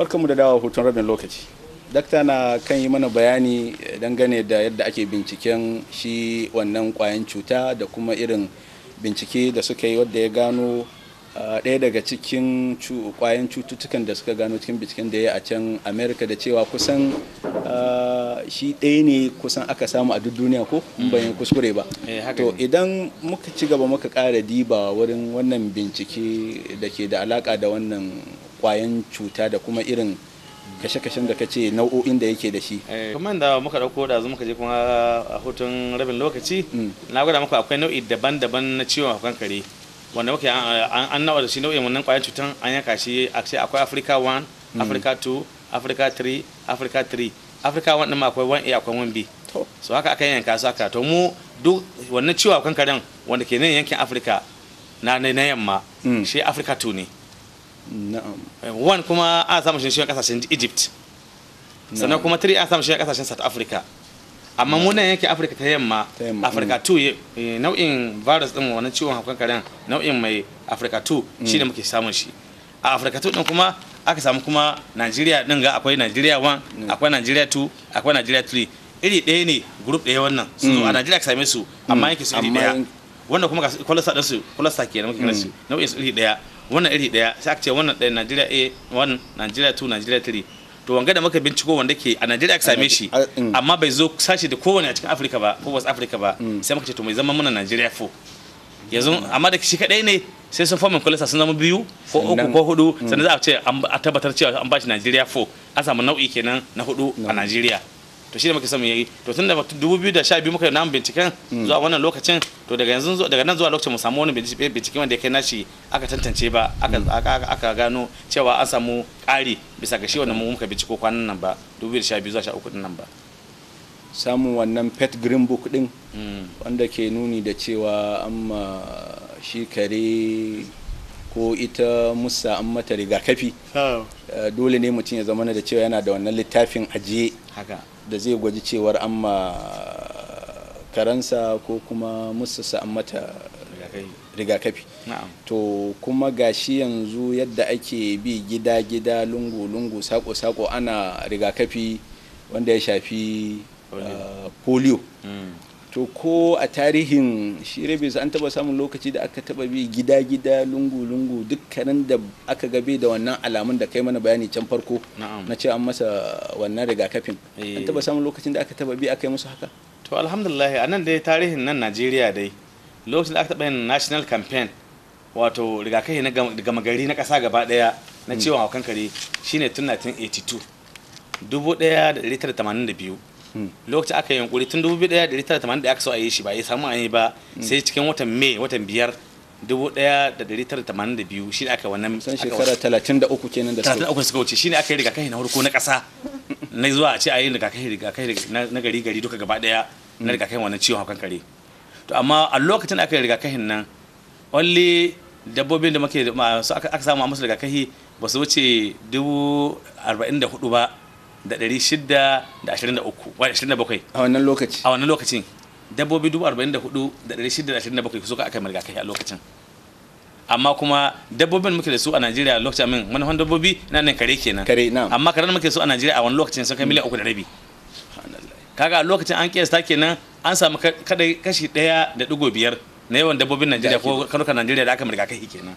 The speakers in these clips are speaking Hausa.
barkamu da dawa hoton rabin lokaci dakta na kan yi mana bayani dangane da yadda ake binciken shi wannan kwayan cuta da kuma irin bincike da suka yi wadda ya gano ɗaya daga cikin kwayan cututtukan da suka gano cikin binciken da ya a can america da cewa kusan shi ɗaya ne kusan aka samu a duk duniya ko mm. bayan kuskure ba eh, to idan muka ci gaba muka ƙara diba wurin wannan bincike da ke da alaƙa da wannan kwayan cuta da kuma irin kashe-kashen da kace nau'o'in da yake da shi. Eh, kamar da muka dauko da muka je kuma a hutun rabin lokaci, mm. na gwada muku akwai nau'i daban-daban na ciwon hakan kare. Wanda muke an nawa da shi nau'in wannan kwayan cutan an yanka shi a ce akwai Africa 1, mm. Africa 2, Africa 3, Africa 3. Africa 1 din akwai 1A akwai 1B. So haka aka yanka su haka to mu duk wannan ciwon hakan karen wanda ke nan yankin Africa na na yamma mm. shi Africa 2 ne. na'am eh, one kuma a samu shi a kasashen egypt sannan kuma three a samu shi kasashen south africa amma mu nan yake afirka ta yamma afirka 2 mm. eh, nau'in virus din wannan ciwon hakan karen nau'in mai afirka 2 mm. shine muke samun shi a afirka 2 din kuma aka samu kuma nigeria din ga akwai nigeria 1 mm. akwai nigeria 2 akwai nigeria 3 iri ɗaya ne group ɗaya wannan su a nigeria ka same su amma yake su iri ɗaya wanda kuma kwalasa ɗinsu kwalasta kenan muke kira su nau'in su iri ɗaya wannan iri daya sai aka ce wannan daya Najeriya A one Najeriya two Najeriya three to wanga da muka binciko wanda ke a Najeriya ka same shi mm. amma bai zo sashi da kowane a cikin Africa ba ko West Africa ba mm. sai muka ce to mai zama muna Najeriya 4 yanzu amma da shi kadai ne sai sun fomin kulisa sun zama biyu ko uku ko hudu mm. sannan za a ce a tabbatar cewa an bashi Najeriya 4 a samu nau'i kenan na hudu a Najeriya to shi ne muke son yayi to tun da 2012 muka yi namun binciken hmm. zuwa wannan lokacin to daga yanzu daga nan zuwa lokacin mu samu wani bincike wanda ya kai nashi aka tantance ba aka hmm. gano cewa an samu ƙari bisa ga shi wannan mu muka binciko kwanan nan ba 2012 zuwa 13 din nan ba samun wannan pet green book din hmm. wanda ke nuni da cewa amma shi kare ko ita musa an mata rigakafi oh. eh, dole ne mutum ya zama da cewa yana da wannan littafin ajiye da zai gwaji cewar an ma karansa ko kuma musa an mata rigakafi to kuma gashi yanzu yadda ake bi gida-gida lungu-lungu sako-sako ana rigakafi wanda ya shafi polio eh, mm. to ko a tarihin shi rabius an taba samun lokaci da aka taba bi gida-gida lungu-lungu dukkanin da aka gabe da wannan alamun da kai mana bayani can farko na ce an masa wannan rigakafin eh. an taba samun lokacin da aka taba bi aka yi musu haka to alhamdulillah a nan dai tarihin nan najeriya dai lokacin da aka taba yin national campaign wato rigakafi na gama gari na kasa gaba daya na mm. ciwon haukan kare shine tun 1982 1982 lokacin aka yi yunkuri tun 1981 aka so a yi shi ba ya samu a yi ba sai cikin watan mai watan biyar 1982 shi ne aka wannan san shekara 33 kenan da 33 suka wuce shi ne aka yi rigakafi na farko na ƙasa na zuwa a ce a yi rigakafi rigakafi na gari gari duka gaba daya na mm. rigakafin wannan ciwon hakan kare to amma a lokacin aka yi rigakafin nan only dabbobin da muke aka samu a musu rigakafi ba su wuce 44 ba da ɗari shida da ashirin da uku wani ashirin da bakwai a wannan lokaci a wannan lokacin dabbobi dubu arba'in da hudu da ɗari shida da ashirin da bakwai suka aka marga kai a lokacin amma kuma dabbobin muke da su a Najeriya lokacin min manufan dabbobi na nan kare kenan kare na amma karen muke su a Najeriya a wani lokacin sun kai miliyan uku da rabi kaga a lokacin an kiyasta kenan an samu kadai kashi daya da ɗigo biyar na yawan dabbobin Najeriya ko kanukan Najeriya da aka marga kai kenan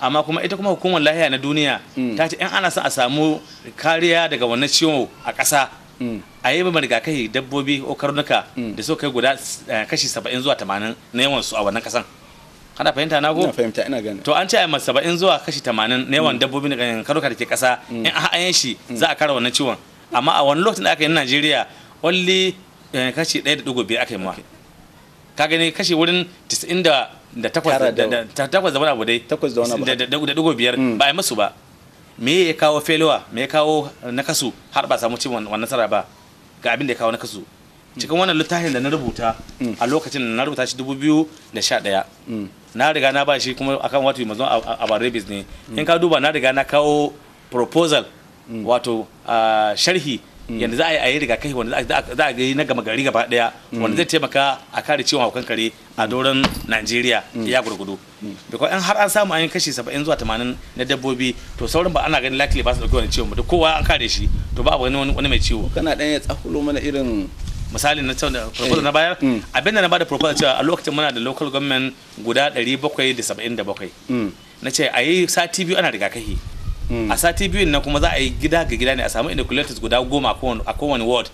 amma kuma ita kuma hukumar lahiya na duniya hmm. ta ce in ana son a samu kariya daga wannan ciwo a ƙasa hmm. a yi mai rigakafi dabbobi ko karnuka hmm. da su kai guda eh, kashi saba'in zuwa tamanin na yawan su a wannan ƙasan kana fahimta na ko fahimta ina gani to an ce a masa saba'in zuwa kashi tamanin na yawan dabbobi da karnuka da ke ƙasa in a yi shi za a kare wannan ciwon amma a wani lokacin da aka yi na Najeriya only eh, kashi ɗaya da ɗigo biyar aka yi ma ka gani kashi wurin da. da takwas da takwas da wani abu dai takwas da wani abu da dugo biyar mm. ba a yi musu ba me ya kawo felowa me ya kawo nakasu har ba samu cin wannan nasara ba ga abin da ya kawo nakasu mm. cikin wannan littafin da na rubuta mm. a lokacin da na rubuta shi dubu biyu da sha ɗaya na riga na ba shi kuma akan wato mazon a barabis ne in ka duba na riga na kawo proposal wato ah, sharhi Mm. yanda za a yi rigakafi wanda za a yi na gama gari gaba daya mm. wanda zai taimaka a kare ciwon haukan kare a doron Najeriya mm. ya gurgudu because in har an samu an yi kashi 70 zuwa 80 na dabbobi to sauran ba ana ganin likely ba su dauki wani ciwon ba kowa an kare shi to ba wani wani mai ciwo kana dan ya tsakulo mana irin misali na cewa eh. proposal na bayar abinda na bada proposal cewa a lokacin muna da local government guda 777 na ce a yi sati biyu ana rigakafi Mm. a sati biyun nan kuma za a yi gida ga gida ne a samu inoculators guda goma a kowane ward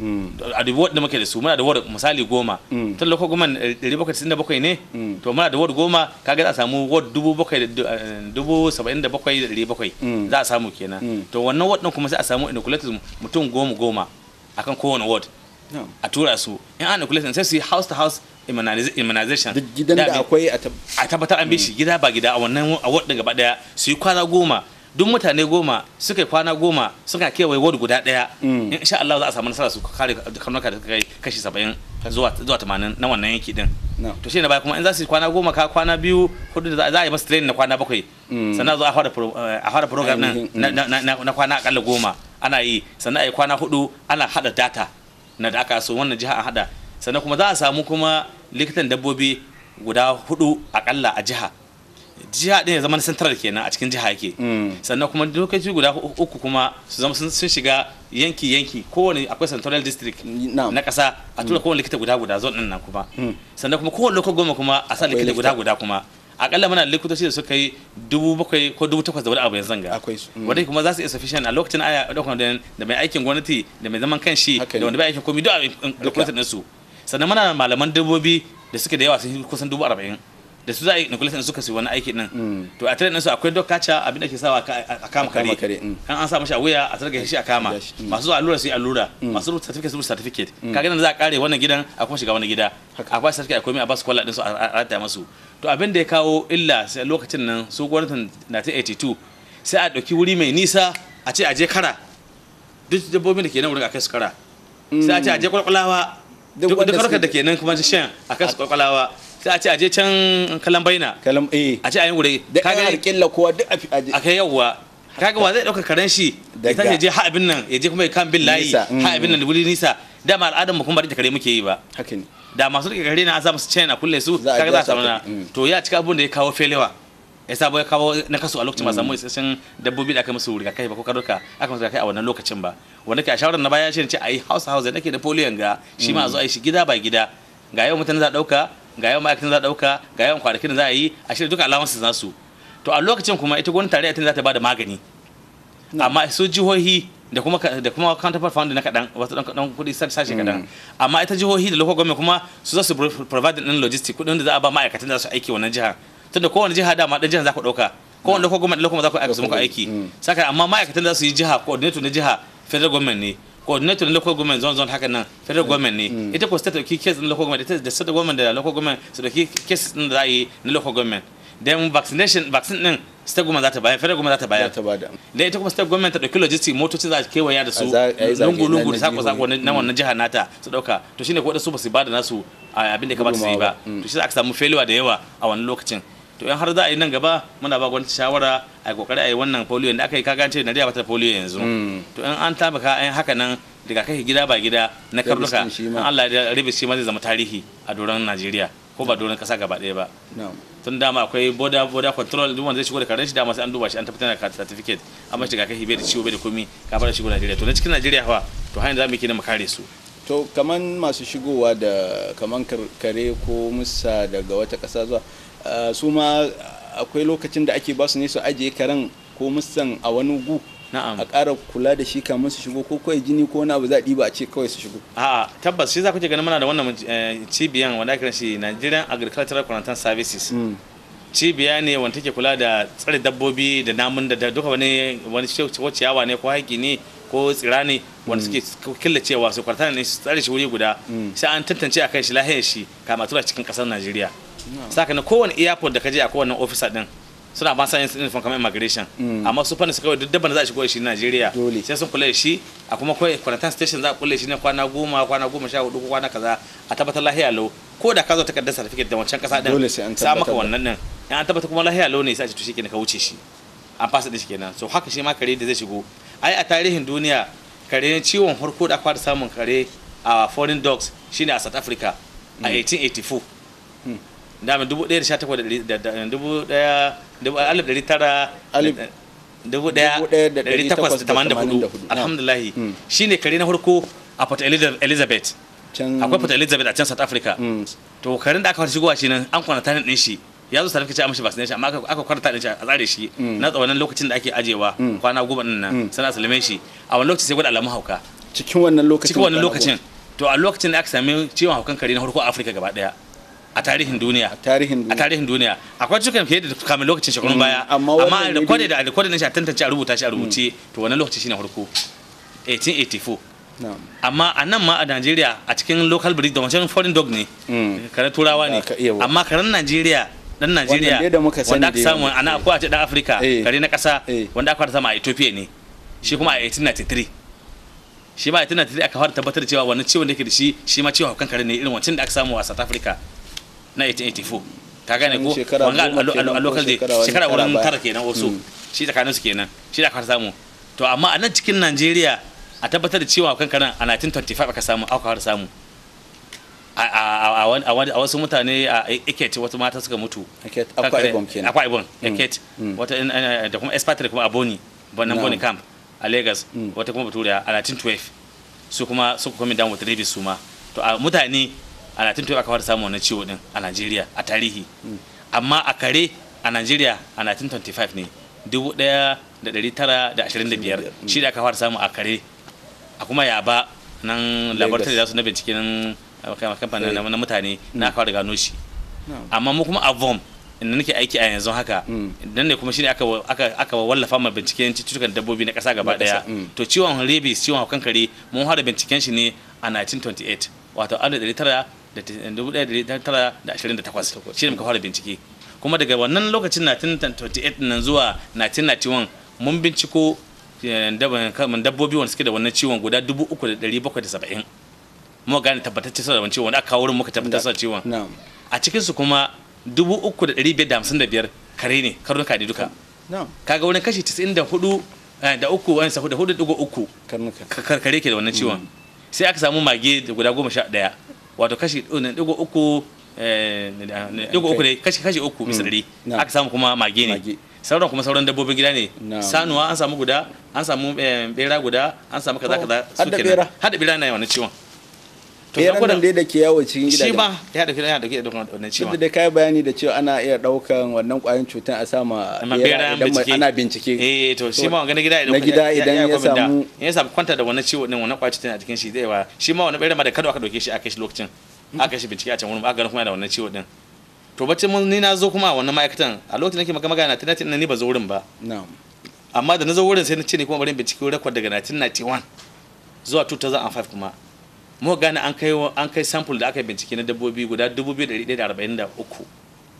mm. a dubu wadda muke da su muna da ward misali goma mm. tun lokacin goma eh, ɗari bakwai da bakwai ne to muna da ward goma kaga za a samu ward dubu bakwai eh, dubu saba'in da bakwai da ɗari bakwai za a samu kenan to wannan ward ɗin kuma sai a samu inoculators mutum goma goma akan kowane ward a tura su in an inoculators sai su yi house to house immunization gidan da akwai a tabbatar an bi shi gida ba gida a wannan a ward gaba daya su yi kwana goma duk mutane goma suka kwana goma suka kewaye ward guda daya mm. in sha Allah za a samu nasara su kare karnuka da kai kashi 70 zuwa zuwa 80 na wannan yanki din to shi ne baya kuma in za su kwana goma ka kwana biyu hudu da za a yi masu training na kwana bakwai mm. sannan zo eh, a fara program nan mm. na kwana akalla goma ana yi sannan a yi kwana hudu ana hada data na da aka so wannan jiha a hada sannan kuma za a samu kuma likitan dabbobi guda hudu akalla a jiha jiha ɗin ya zama na central kenan a cikin jiha yake mm. sannan kuma lokaci guda uku kuma su zama sun shiga yanki yanki kowane akwai central district na ƙasa a tura mm. kowane likita guda guda zon nan kuma mm. sannan kuma kowane lokacin goma kuma a sa likita guda guda kuma akalla muna likitoci da suka yi dubu bakwai ko dubu takwas da wani abu yanzu zanga akwai su wanda kuma za su yi sufficient a lokacin aya da mai aikin gwamnati da mai zaman kanshi da wanda bai aikin komai duk a lokacin su sannan muna malaman dabbobi da suke da yawa sun kusan dubu arba'in da su za a yi inoculation suka su wani aiki din mm. to a tare su akwai doka ca abin da ke sawa a kama kare mm. kan an sa mashi a wuya a tsarkake shi a kama mm. masu allura su yi allura masu rubuta certificate su certificate Ka nan za a kare wannan gidan a kuma shiga wani gida Akwai ba certificate akwai mai a ba su kwalla din su a rata masu to abin da ya kawo illa sai lokacin nan su gwamnatin 82 sai a ɗauki wuri mai nisa a ce a je kara duk dabbobin da ke nan wurin a kai su kara sai a ce a je kwalkwalawa duk da ke nan kuma shan a kai su kwalkwalawa sai a ce aje can kalambaina kalam eh a ce wuri gure kaga alƙilla kowa duk a kai yawwa kaga wa zai dauka karen shi ya tashi je ha abin nan ya je kuma ya kan bin layi ha abin mm. nan da wuri nisa dama al'adar mu kuma ba da kare muke yi ba haka ne da masu rike kare na a samu su chain a kulle su kaga za a samu na mm. to ya cika abin da ya kawo felewa ya sa ya kawo na kasu a lokacin ba samu mm. isasshen dabbobi da aka musu kai ba ko karuka aka musu kai a wannan lokacin ba wanda ke a shawarar na baya shi ne ce a yi house house da nake da polio ga shi ma a zo a yi shi gida ba gida ga yau mutane za a dauka ga yawan ma'aikatan za a ɗauka ga yawan kwanakin da za a yi a shirya duka za su to a lokacin kuma ita gwamnatin tarayya tun za ta bada magani amma su jihohi da kuma da kuma counterpart fund na kadan wasu dan kadan kudi sashe mm. kadan amma ita jihohi da local government kuma su za su provide din logistic kudin da za a ba ma'aikatan da su aiki wannan jiha tunda kowane jiha dama dan jiha za ku dauka kowane local government local za ku aiki su mm. saka amma ma'aikatan za su yi jiha coordinator na jiha federal government ne coordinator na local government zone zone haka nan federal mm. government ne mm. ita ko state ki case na local government ita da state government da local government da ki case din da yi e na local government then vaccination vaccine din state government za ta bayar federal government za ta bayar da ita kuma state government ta dauki logistic motocin za ta kewaya da su lungu lungu da sako sako na wannan mm. jiha nata su dauka to shine ko da su ba su bada nasu abin da ka ba su yi ba to shi za ka samu failure da yawa a wannan lokacin to in har za a yi nan gaba muna ba gwamnati shawara a kokari a yi wannan polio da aka yi kaga ce Najeriya ba polio yanzu mm. to in an tabaka an haka nan daga kai gida ba gida na karnuka an Allah ya rabe shi ma zai zama tarihi a doron Najeriya ko ba doron kasa gaba ɗaya ba tun dama akwai border border control duk wanda zai shigo da karen shi dama sai an duba shi an tabbatar da certificate amma daga kai bai da ciwo bai da komi ka fara shigo Najeriya to na cikin Najeriya fa to hanyar zamu yi kina mu kare su to kaman masu shigowa da kaman kare ko musa daga wata kasa zuwa su ma akwai lokacin da ake basu ne su ajiye karen ko musan a wani gu a ƙara kula da shi kamar su shigo ko kawai jini ko wani abu za ba a ce kawai su shigo a tabbas shi za ku ce ganin muna da wannan eh, cibiyan wanda ake shi Nigerian Agricultural Quarantine Services mm. cibiya ne wanda take kula da tsare dabbobi da namun da duka wani wani ciyawa ne ko haƙi ne ko tsira ne wanda mm. suke killacewa su kwartana ne su tsare shi wuri guda mm. sai an tantance a kai shi lahiyar shi kama tura cikin ƙasar Najeriya saka na kowane airport da ka je a kowane ofisa din suna ba sa yin uniform kamar immigration mm. amma su fannin su kawai duk daban za a shigo shi Najeriya sai sun kula shi a kuma kawai quarantine station za a kula shi ne kwana goma kwana goma sha hudu kwana kaza a tabbatar lahiya lau ko da ka zo takardar certificate da wancan kasa din sa maka wannan din in an tabbata kuma lahiya lau ne sai a ce to shikenan ka wuce shi an fasa din shi kenan so haka shi ma kare da zai shigo ai a tarihin duniya kare ciwon farko da aka samun kare a foreign dogs shine a South Africa a 1884 mm. dama dubu ɗaya da sha takwas da dubu ɗaya alif ɗari tara dubu ɗaya ɗari takwas da tamanin da hudu alhamdulahi hmm. hmm. shine kare na farko a port elizabeth akwai port elizabeth a can south africa hmm. to karin da aka fara shigowa shi nan an kwanata ne ɗin shi ya zo sarki ce a mashi vaccination amma aka kwana da shi a tsare shi na tsawon lokacin da ake ajewa kwana goma din nan sana salame shi a wani lokacin sai gwada alamun hauka cikin wannan lokacin cikin wannan lokacin to a lokacin da aka sami ciwon haukan kare na farko a Afirka gaba ɗaya. a tarihin duniya a tarihin duniya akwai cikin fiye da kamar lokacin shekarun mm, baya amma a rikwade da a rikwade na shi a tantance a rubuta shi a rubuce mm. to wannan lokaci shine harko 1884 amma a nan ma a najeriya a cikin local breed da wancan foreign dog ne mm. kare turawa ne amma karen najeriya dan najeriya wanda aka samu ana akwai a cikin afirka kare eh. na kasa eh. wanda aka sama a ethiopia ne shi kuma a 1893 shi ma a 1893 aka fara tabbatar cewa wannan ciwon da yake da shi shi ma ciwon kan kare ne irin wancan da aka samu a south africa na 1884 ka gane ko a local day shekara wurin tara kenan wasu hmm. shi tsakanin su kenan shi da aka samu to amma a nan cikin Najeriya a tabbatar da cewa kan kanan a 1925 aka samu aka har samu a wasu mutane a iket wata mata suka mutu akwa ibon hmm. iket hmm. wata eh, eh, da kuma expatriate kuma a boni bonan boni camp a lagos wata kuma baturiya a 1912 su kuma suka kuma down with su ma to a mutane a 1912 aka fara samun wannan ciwo din a Najeriya a tarihi hmm. amma a kare a Najeriya a 1925 ne 1925 shi da aka fara samun a kare a kuma ba nan labarta da su na bincike nan eh, kamfanin eh. na mutane na hmm. aka fara gano shi amma mu kuma a inda nake aiki a yanzu haka dan hmm. ne kuma shine aka aka wallafa ma binciken cututtukan dabbobi na kasa gaba daya to ciwon rabies ciwon haukan kare mun fara binciken shi ne a 1928 wato 1928 shi ne muka fara bincike kuma daga wannan lokacin 1928 nan zuwa 1991 mun binciko eh, dabbobi wanda suke da wannan ciwon guda 3,770 muka gane tabbatacce sa da wani ciwon aka wurin muka tabbatar sa ciwon a cikinsu kuma 3,555 kare ne karnuka ne duka kaga wani kashi 94 eh, da uku wani da hudu uku kare ke da wannan ciwon mm. sai aka samu mage da guda goma sha daya wato kashi ɗigo eh, uku eh, digo uku ne kashi kashi uku misali hmm. aka samu kuma mage ne sauran kuma sauran dabbobin gida ne sanuwa an samu guda an samu bera eh, guda an samu kaza oh, kaza su kenan hada bera na yawan ciwon beran nan dai da ke yawo cikin gidaje shi ma ya dauki ya dauki da wannan cewa duk da kai bayani da cewa ana iya daukan wannan kwayan cutan a sama idan ana bincike eh to shi ma wannan gida idan gida idan ya samu ya samu kwanta da wannan ciwo din wannan kwayan cutan a cikin shi zai wa shi ma wannan beran ma da kada aka dauke shi aka shi lokacin aka shi bincike a can wurin ba ga kuma da wannan ciwo din to bace mun ni na zo kuma a wannan ma'aikatan a lokacin nake magana na tana tunan ni ba zo wurin ba amma da na zo wurin sai na ce ni kuma bari bincike record daga 1991 zuwa 2005 kuma mu gane an kai an kai sample da aka bincike na dabbobi guda 2143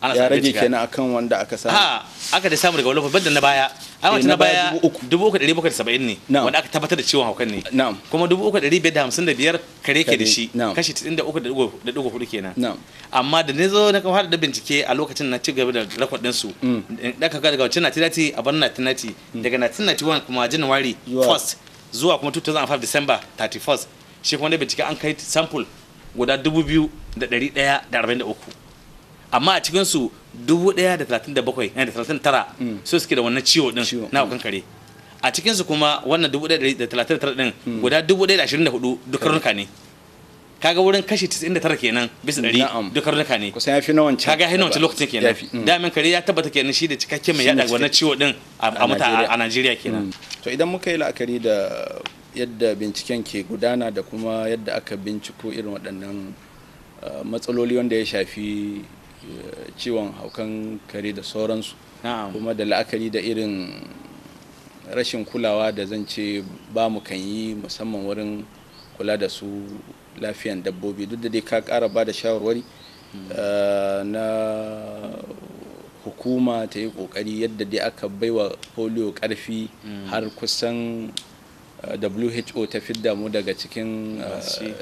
ana ya rage kenan akan wanda aka samu ha aka da samu daga wallafa banda na baya ai wata eh, na baya 3770 ne wanda aka tabbatar da ciwon haukan ne na'am kuma 3555 kare ke da shi kashi 93.4 kenan na'am amma da ne zo na kawo da bincike a lokacin na ci gaba da record din su da mm. ka ga daga wancan na tinati a ban na tinati mm. daga na tinati kuma january 1st zuwa kuma 2005 december 31st shi kuma dai bincike an kai sample guda 2,143 amma a cikinsu 1,037 eh, mm. su suke da wannan ciwo din na mm. hukan kare a cikinsu kuma wannan 1,039 din mm. guda 1,024 dukkan runka ne kaga wurin kashi 99 kenan bisa dari dukkan runka ne kusan yafi na wancan kaga yafi na wancan lokacin kenan damin kare ya tabbata kenan shi da cikakken mai yada wannan ciwo din a mutane a Najeriya kenan to idan muka yi la'akari da yadda binciken ke gudana da kuma yadda aka binciko irin waɗannan uh, matsaloli wanda ya shafi uh, ciwon haukan kare da sauransu kuma da la'akari da irin rashin kulawa da zan ce ba mu kan yi musamman wurin kula da su lafiyan dabbobi duk da dai ka kara ba da shawarwari uh, na hukuma ta yi kokari yadda dai aka baiwa polio karfi mm. har kusan who ta fidda mu daga cikin eh,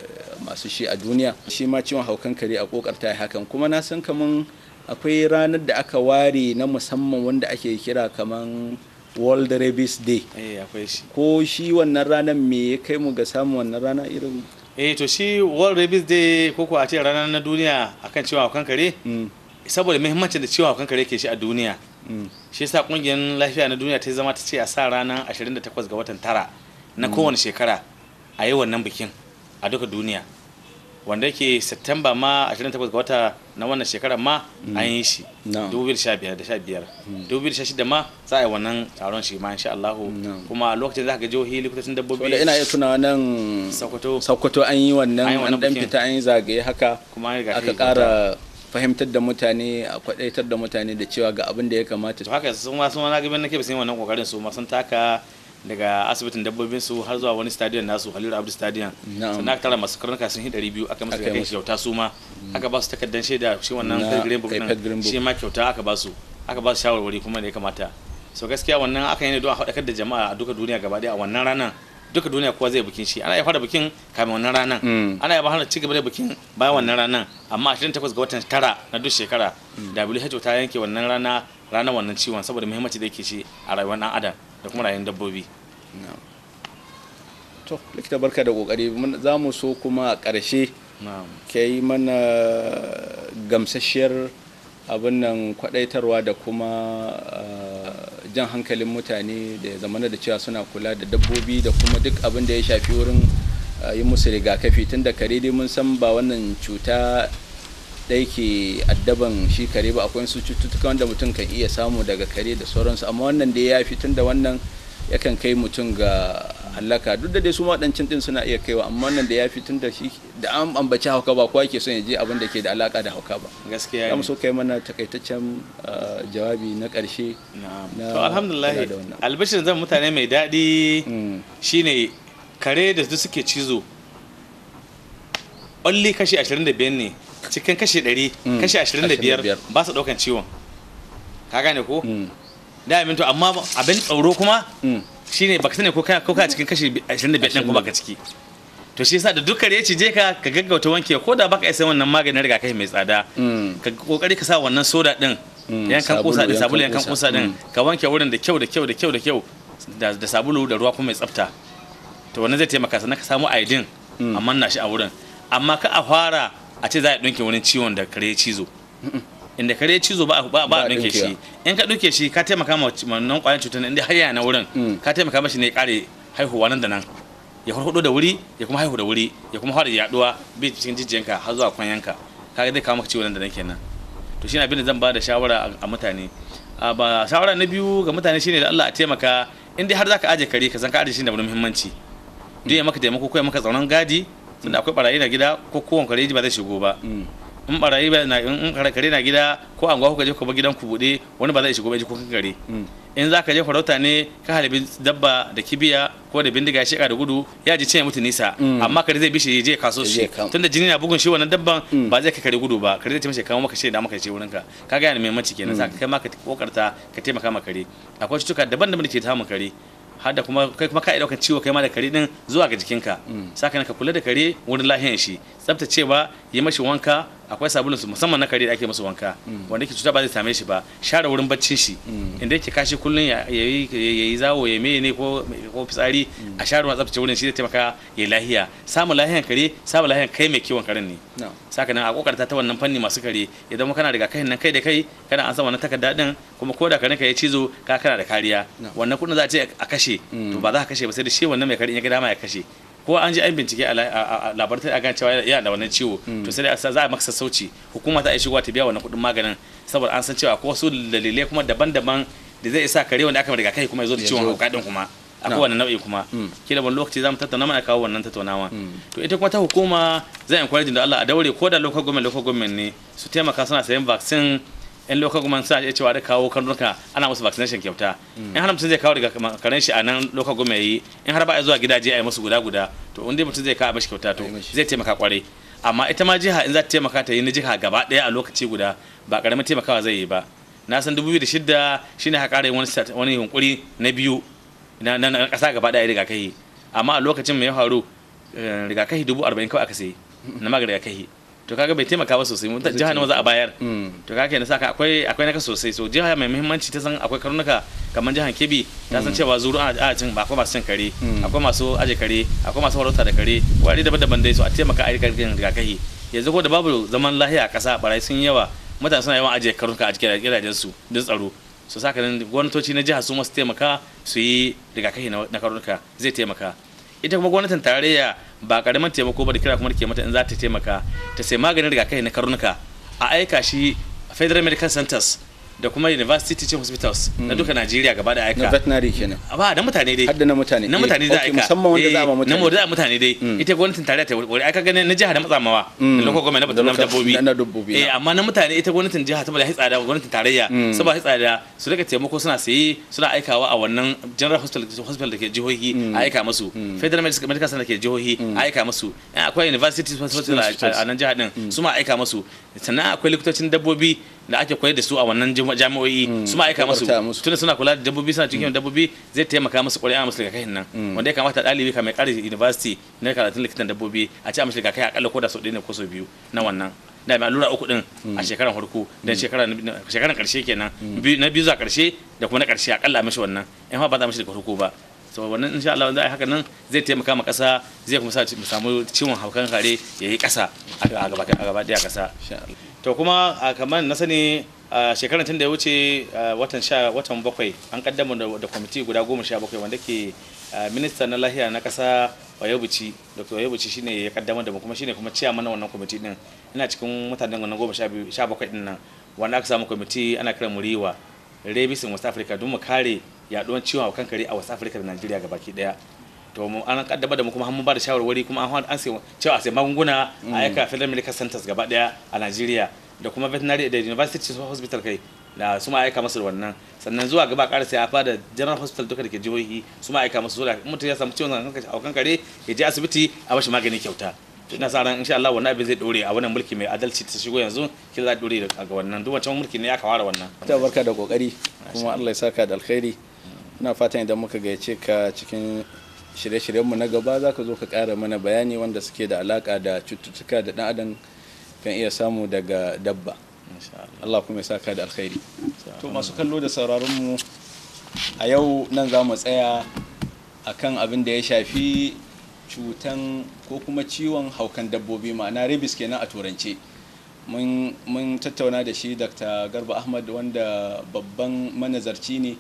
masu shi a duniya shi ma ciwon haukan kare a kokarta hakan kuma na san kaman akwai ranar da aka ware na musamman wanda ake kira kaman world rabies day eh, ko shi wannan ranar me ya kai mu ga samun wannan rana irin eh to shi world rabies day ko ko a ce ranar na duniya akan ciwon haukan kare mm. saboda muhimmancin da ciwon haukan kare ke shi a duniya mm. shi yasa kungiyar lafiya na duniya ta zama ta ce a sa ranar 28 ga watan tara na mm. kowane shekara a yi wannan bikin a duka duniya wanda yake september ma 28 ga wata na wannan shekara ma mm. an yi shi 2015 2016 mm. ma za a yi wannan taron shi ma insha Allah kuma lokacin za ka ga jihohi likitocin dabbobi wanda ina iya tuna wannan sokoto an yi wannan an dan fita an yi zagaye haka Kuma aka kara fahimtar da mutane a kwadaitar da mutane da cewa ga abin da ya kamata haka sun ma sun wani gaban nake ba sun yi wannan kokarin su ma sun taka daga asibitin dabbobin su har zuwa wani stadion nasu Halilu Abdu stadion sannan aka tara masu karnuka sun hidari biyu aka masu kai kyauta su ma mm. aka ba su takardar shaida shi wannan Green Book nan eh, shi ma kyauta aka ba su aka ba su shawarwari kuma da ya kamata so gaskiya wannan aka yi ne don a haɗakar da jama'a a duka duniya gaba daya a wannan ranar duka duniya kowa zai bikin shi ana iya fara bikin kamin wannan ranar mm. ana iya fara ci gaba da bikin bayan wannan ranar amma 28 ga watan tara na duk shekara mm. WHO ta yanke wannan rana ranar wannan ciwon saboda muhimmanci da yake shi a rayuwar dan adam da kuma rayuwar dabbobi to likita barka da kokari za mu so kuma a ƙarshe ke yi mana gamsasshiyar abin nan kwadaitarwa da kuma eh, jan hankalin mutane da ya zamana da cewa suna kula da dabbobi da kuma duk abin da ya shafi wurin eh, yi musu rigakafi tun da kare dai mun san ba wannan cuta da yake addaban shi kare ba akwai su cututtuka wanda mutum kan iya samu daga kare da sauransu amma wannan da ya fi tun da wannan yakan kai mutum ga halaka duk da dai su waɗancan ɗin suna iya kaiwa amma nan da ya fi tun da shi da an ambaci hauka ba kowa ke son ya je abin da ke da alaka da hauka ba gaskiya ne so kai mana takaitaccen uh, jawabi na ƙarshe to alhamdulillah albashin zan mutane mai daɗi mm. shine kare da duk suke cizo ƙwalli kashi 25 ne cikin kashi 100 mm. kashi 25 ba su ɗaukan ciwon ka gane ko mm. da amintu amma abin tsoro kuma mm. shine baka sani ko kai ko kana cikin kashi 25 din ko baka ciki to shi yasa da dukkan ya cije ka ka gaggauta wanke ko da baka isa wannan maganin rigakafi mai tsada mm. ka kokari ka sa wannan soda din mm, kan kusa da sabulu kan kusa din ka wanke wurin da kyau da kyau da kyau da kyau da sabulu da ruwa kuma mai tsafta to wannan zai taimaka sannan ka samu aidin amma na shi a wurin amma ka a fara a ce za a dunke wani ciwon da kare cizo inda kare cizo ba ba ba dinke shi in ka duke shi ka taimaka ma wannan kwayan cutar inda har yana wurin mm. ka taimaka mashi ne kare haihuwa nan da nan ya farfado da wuri ya kuma haihu da wuri ya kuma fara yaduwa bi cikin jijiyanka har zuwa kwanyanka ga zai kawo maka ciwo nan da nan kenan to shine abin da zan ba da shawara a mutane A ba shawara na biyu ga mutane shine da Allah a taimaka in dai har zaka aje kare ka san ka aje shi da wani muhimmanci duk ya maka taimako ko ya maka tsaron gadi tunda akwai barayi na gida ko kowanne kare ba zai shigo ba mm. in barayi ba na in kare na gida ko anguwa kuka je ku ba gidan ku bude wani ba zai shigo ba ji kukan kare mm. in za ka je farauta ne ka halibin dabba da kibiya ko da bindiga shi da gudu ya ji cin mutu nisa mm. amma kare zai bi shi je kaso shi tunda jini na bugun shi wannan dabban mm. ba zai ka kare gudu ba kare zai ce mishi kawo maka shi da maka ce wurinka ka ga yana muhimmanci kenan sa kai ma ka kokarta ka taimaka ma kare akwai cutuka daban-daban da ke ta kare har da kuma kai kuma ka iya daukar ciwo kai ma da kare din zuwa ga jikinka saka ka kula da kare wurin lahiyan shi tsaftacewa yi mashi wanka akwai sabulun su musamman na kare da ake musu wanka mm. wanda yake cuta ba zai same shi ba share wurin baccin shi mm. inda yake kashi kullun ya yi zawo ya meye ne ko fitsari mm. a share wurin tsaftace wurin shi zai taimaka ya lahiya samun lahiyan kare samun lahiyan kai mai kiwon karen ne saka nan a kokarta ta wannan fanni masu kare idan kana daga kai nan kai da kai kana an san wannan takarda din kuma ko da karen ka ya cizo ka kana da kariya wannan kudin za a ce a kashe to ba za a kashe ba sai da shi wannan mai kare in ya ga dama ya kashe ko an je an bincike a labarta a gane cewa yana da wannan ciwo hmm. to sai a za a maka sassauci hukuma ta shigowa ta biya wannan kuɗin maganin saboda an san cewa ko su dalilai kuma daban-daban da zai isa kare wanda aka riga kai kuma ya zo da ciwon hauka din kuma akwai wannan nau'i kuma hmm. kila ban lokaci zamu tattauna mana kawo wannan tattaunawa hmm. to ita kuma ta hukuma zan kwarejin da Allah a daure ko da lokacin gwamnati lokacin gwamnati ne su taimaka suna sayan vaccine yan lokacin kuma sa ya cewa da kawo karnuka ana musu vaccination kyauta mm. in har mutum zai kawo daga karen shi a nan lokacin goma yi in har ba a zuwa gidaje a yi musu guda guda to inda mutum zai kawo mashi kyauta to zai taimaka kwarai amma ita ma jiha in za ta taimaka ta yi na jiha gaba daya a lokaci guda ba karamin taimakawa zai yi ba na san 2006 shine ha kare wani wani yunkuri na biyu na na kasa gaba daya rigakafi amma a lokacin mai faru eh, rigakafi 40 kawai aka sai na magani rigakafi to kaga bai taimaka ba sosai mun jiha ne za a bayar mm. to kaga kenan saka akwai akwai naka sosai so jiha mai muhimmanci ta san akwai karnuka kamar jihar Kebbi ta san mm. cewa zuru ana cin ba akwai masu cin kare mm. akwai masu aje kare akwai masu warauta da kare wari daban-daban dai so a taimaka a rika rigakafi yanzu ko da babu zaman lahiya a ƙasa barai sun yawa mutane suna yawan aje karnuka a cikin gidajen su don tsaro su saka nan gwamnatoci na jiha su masu taimaka su yi rigakafi na karnuka zai taimaka ita kuma gwamnatin tarayya ba karamin taimako ba da kira kuma da ke mata in za ta taimaka ta sai maganin rigakafi na karnuka a aika shi federal medical centers da kuma university teaching hospitals na mm. duka Najeriya gaba da aika na veterinary kenan ba da mutane dai hadda na mutane na mutane da eh, aika musamman wanda za mu mutane eh, na mutane da mutane dai mm. ita gwamnatin tarayya ta wuri aika ganin na jiha da matsamawa mm. da lokacin gwamnati na dabbobi na dabbobi eh amma na mutane ita gwamnatin jiha ta bada hitsada gwamnatin tarayya hi tsada, su daga taimako suna saye suna aikawa a wannan general hospital hospital da ke jihohi a aika musu federal medical center da ke jihohi a aika musu eh, akwai university hospital a nan jiha din su ma aika musu sannan akwai likitocin dabbobi da ake koyar da su a wannan jami'o'i mm. su ma aika masu tunda suna kula da dabbobi suna cikin mm. dabbobi zai taimaka musu ƙwarai a musu kai nan mm. wanda ya kamata ɗalibi kamar ƙarin university na karatun likitan dabbobi a ce a musu kai akalla ko da sau ɗaya ne ko sau biyu na wannan da mai allura uku din a shekaran farko da shekaran karshe kenan na biyu zuwa karshe da kuma na karshe akalla mishi wannan in ba za mishi daga farko ba so wannan insha Allah wanda haka nan zai taimaka ma kasa zai kuma sa mu samu ciwon haukan kare yi kasa a gaba a gaba kasa to kuma a kamar na sani a shekarar tun da ya wuce watan sha watan bakwai an kaddama da kwamiti guda goma sha bakwai wanda ke minista na lahiya na kasa wayobuci dr oyobuci shine ya kaddamar da mu kuma shine kuma ciya mana wannan kwamiti din ina cikin mutanen wannan goma sha bakwai din nan wanda aka samu kwamiti ana kira muriwa rabies in west africa don mu kare yaduwar ciwon kan kare a west africa da nigeria gabaki daya to mu an kaddaba da mu kuma mun ba da shawarwari kuma an an sai cewa a sai magunguna a aika mm. Federal Medical Centers gaba daya a Nigeria da kuma veterinary da University Hospital kai da su ma aika masu wannan sannan zuwa gaba ƙara sai a fada general hospital duka da ke jihohi su ma aika masu zuwa mutum ya samu ciwon a kankare ya je asibiti a bashi magani kyauta ina sa ran insha Allah wannan abin zai dore a wannan mulki mai adalci ta shigo yanzu ki za dore ga wannan duk wancan mulki ne ya kawara wannan ta barka da kokari kuma Allah ya saka da alkhairi ina fatan idan muka gayyace ka cikin shirye-shiryenmu na gaba za ka zo ka ƙara mana bayani wanda suke da alaƙa da cututtuka da ɗan adam kan iya samu daga dabba Allah kuma ya saka da alkhairi to masu kallo da sauraronmu a yau nan za mu tsaya a kan abin da ya shafi cutan ko kuma ciwon haukan dabbobi ma'ana ribis kenan a turance mun tattauna da shi dr garba ahmad wanda babban manazarci ne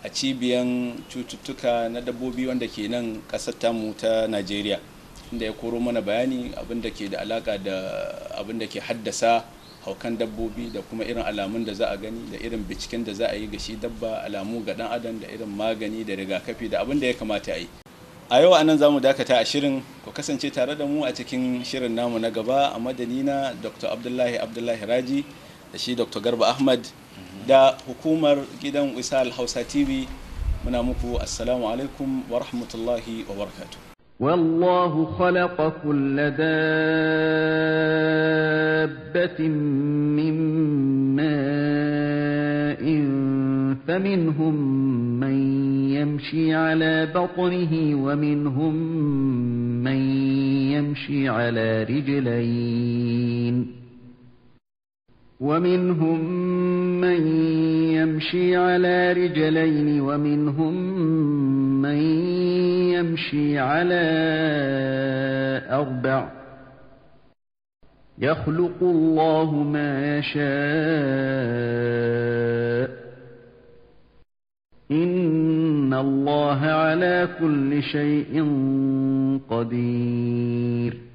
a cibiyan cututtuka na dabbobi wanda ke nan ƙasar tamu ta najeriya inda ya koro mana bayani abin da ke da alaka da abin da ke haddasa haukan dabbobi da kuma irin alamun da za a gani da irin binciken da za a yi ga shi dabba alamu ga dan adam da irin magani da rigakafi da abin da ya kamata a yi a yau anan za mu dakata a shirin ku kasance tare da mu a cikin shirin namu na gaba a madadina dr abdullahi abdullahi raji da shi dr garba ahmad da hukumar gidan wisal hausa tv muna muku assalamu alaikum wa rahmatullahi wa barakatu والله خلق كل دابة من ماء فمنهم من يمشي على بطنه ومنهم من يمشي على رجلين ومنهم من يمشي على رجلين ومنهم من يمشي على أربع يخلق الله ما يشاء إن الله على كل شيء قدير